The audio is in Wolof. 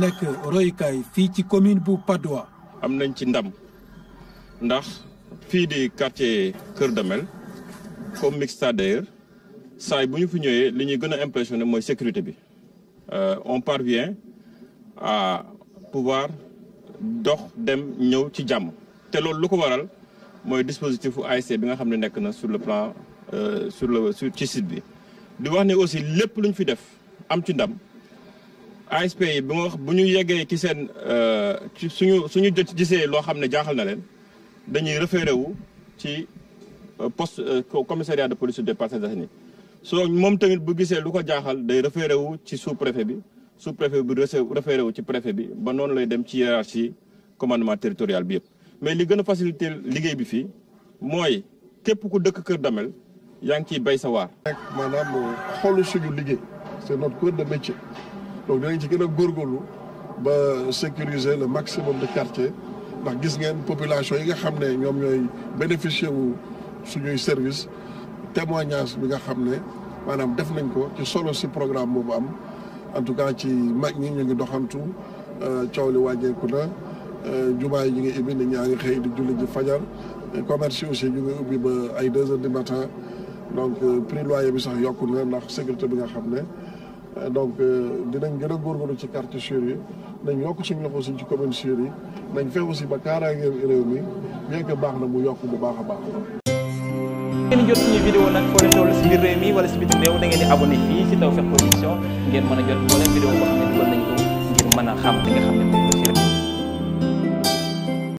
nekk royukaay fii ci commune bu Patte am nañ ci ndam ndax fii di quartier Kër Damel foo Mixta d'ailleurs saa bu ñu fi ñëwee li ñuy gën a impressionné mooy sécurité bi. Euh, on parvient à pouvoir dox dem ñëw ci jàmm. te loolu lu ko waral mooy dispositif fu ASC bi nga xam ne nekk na sur le plan euh, sur le sur ci site bi. di wax ne aussi lépp lu ñu fi def am ci ndam. ASP yi bu ma wax bu ñu yeggee ci seen euh, ci suñu suñu jot gisee loo xam ne jaaxal na leen dañuy référé wu ci euh, poste euh, commissariat de police des Parcelles Assainies soo moom tamit bu gisee lu ko jaaxal day référé wu ci sous préfet bi sous préfet bi référé wu ci préfet bi ba noonu lay dem ci hiérarchie commandement territorial bi yëpp. mais li gën a faciliter liggéey bi fii mooy képp ku dëkk Kër Damel yaa ngi ciy bay sa waar. maanaam xoolu suñu liggéey c'est notre cœur donc dinañ ci gën a góorgóorlu ba sécuriser le maximum de quartier ndax gis ngeen population yi nga xam ne ñoom ñooy bénéficier wu suñuy service témoignage bi nga xam ne maanaam def nañ ko ci solo si programme boobu am en tout cas ci mag ñi ñu ngi doxantu euh, coow li wàññeeku na euh, jumaa yi ñu ngi ubbi ñaa ngi xëy di julli ji fajar commerce yi aussi ñu ngi ubbi ba ay deux heures du matin donc euh, prix loyer bi sax yokku na ndax sécurité bi nga xam ne Euh, donc euh, dinañ gën a góorgóorlu ci quartier sur yi nañ yokk suñu loxo suñ ci commune sur yi nañ fexe aussi ba kaaraange réew mi bien que baax na mu yokk bu baax a baax. ngeen jot suñu vidéo nag foo leen toll si réew mi wala si bitim réew da ngeen di abonné fii si Tawfekh Production ngeen mën a jot moo leen vidéo boo xam ne dugal